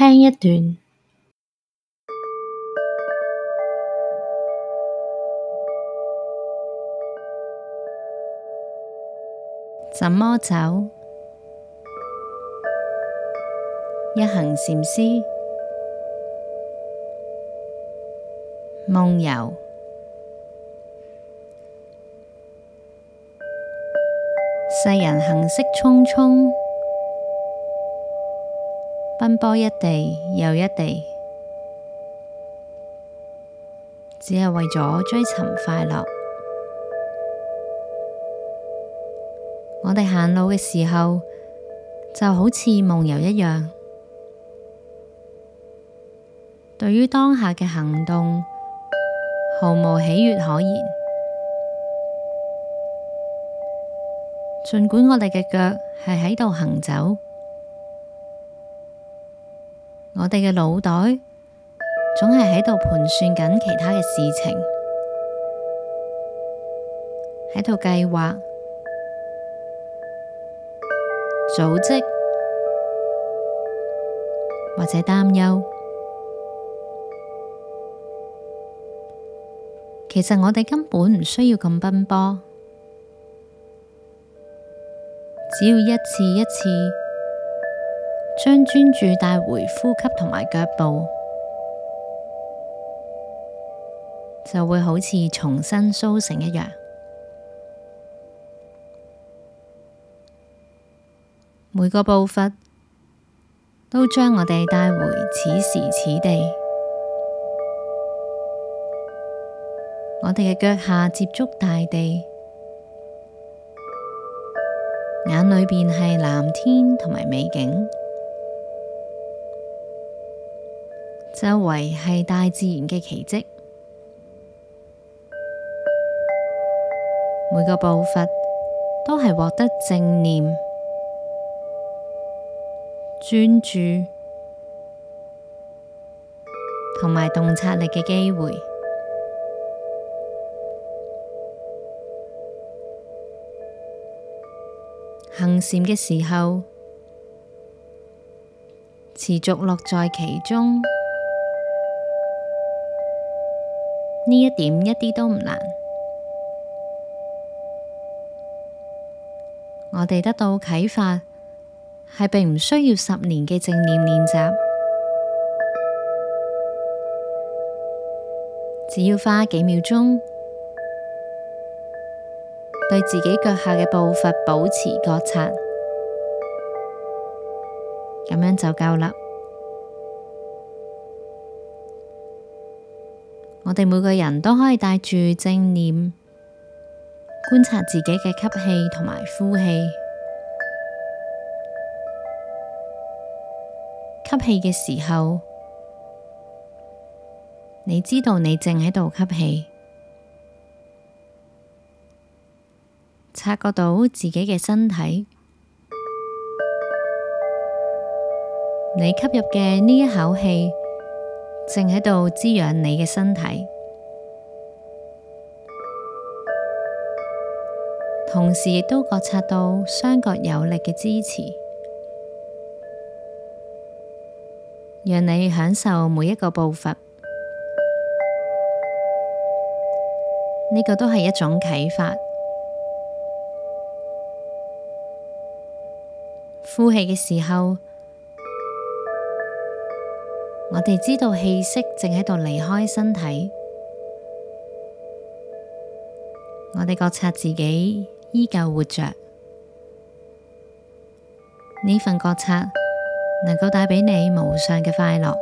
聽一段，怎麼走？一行禪師夢遊，世人行色匆匆。奔波一地又一地，只係為咗追尋快樂。我哋行路嘅時候，就好似夢遊一樣，對於當下嘅行動，毫無喜悅可言。盡管我哋嘅腳係喺度行走。我哋嘅腦袋總係喺度盤算緊其他嘅事情，喺度計劃、組織或者擔憂。其實我哋根本唔需要咁奔波，只要一次一次。將專注帶回呼吸同埋腳步，就會好似重新甦醒一樣。每個步伐都將我哋帶回此時此地。我哋嘅腳下接觸大地，眼裏面係藍天同埋美景。周圍係大自然嘅奇蹟，每個步伐都係獲得正念、專注同埋洞察力嘅機會。行善嘅時候，持續樂在其中。呢一點一啲都唔難，我哋得到啟發係並唔需要十年嘅正念練習，只要花幾秒鐘對自己腳下嘅步伐保持覺察，咁樣就夠啦。我哋每個人都可以帶住正念，觀察自己嘅吸氣同埋呼氣。吸氣嘅時候，你知道你正喺度吸氣，察覺到自己嘅身體，你吸入嘅呢一口氣。正喺度滋養你嘅身體，同時亦都覺察到雙腳有力嘅支持，讓你享受每一個步伐。呢、這個都係一種啟發。呼氣嘅時候。我哋知道氣息正喺度離開身體，我哋覺察自己依舊活着，呢份覺察能夠帶畀你無上嘅快樂。